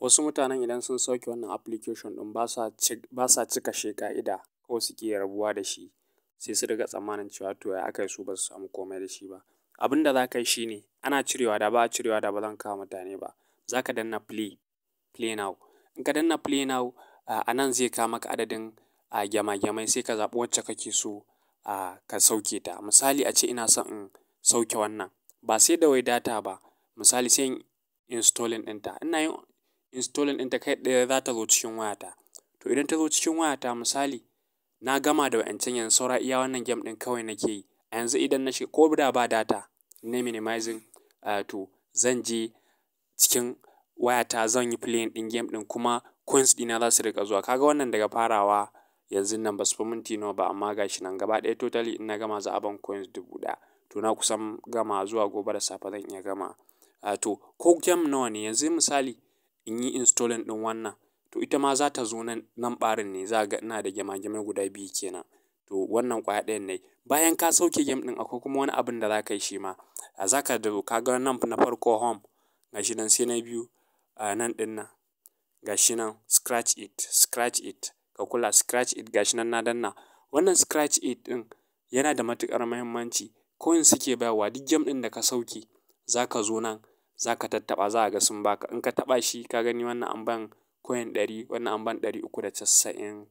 Wasu mutanen idan sun sauke wannan application ɗin ba sa cika shi ka'ida ko suke rabuwa da shi sai su riƙa tsammanin cewa to ya aka yi su ba su samu komai da shi ba. Abin da za ka yi shi ne ana cirewa da ba a cirewa da ba zan kawo mutane ba. Za ka danna play, play now. In ka danna play now a nan zai kawo maka adadin a gyama-gyamai sai ka zaɓi wacce kake so a ka sauke ta. Misali a ce ina son in sauke wannan ba sai da wai data ba. Misali sai in installing ɗinta. Ina yin installing ta kai ɗaya za ta zo cikin wayata. To idan ta zo cikin wayata misali na gama da wa'ancan yanzu saura iya wannan game ɗin kawai nake yi. A yanzu idan na shiga ko da ba data na minimizing to zan je cikin wayata zan yi playing ɗin game ɗin kuma coins ɗina za su riƙa zuwa. kaga wannan daga farawa yanzu nan ba su fi minti nawa ba amma ga shi nan gaba ɗaya totally ina gama za a ban coins dubu ɗaya. To na kusan gama zuwa gobe da safe zan iya gama. To ko game nawa ne yanzu misali in yi installing ɗin wannan. To ita ma za ta zo nan, nan ɓarin ne za ga ina da gyama guda biyu kenan To wannan ƙwaya ɗayan ne. Bayan ka sauke game ɗin akwai kuma wani abin da za ka yi shi ma. a Za ka da ka ga nan na farko home shi nan sai na biyu a nan ɗin nan shi nan scratch it, scratch it ka kula scratch it ga shi nan na danna. Wannan scratch it ɗin yana da matuƙar muhimmanci. Coin suke bayarwa duk game ɗin da ka sauke za ka zo nan za ka tattaɓa za a ga sun baka. In ka taɓa shi ka gani wannan an ban koyan ɗari, wannan an ban ɗari uku da casa'in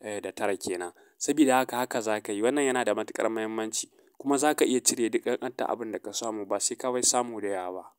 eh, da tara kenan. Sabida haka haka za ka yi. Wannan yana da matuƙar muhimmanci kuma za ka iya cire duk ƙanƙantar abin da ka samu ba sai ka wai samu da yawa ba.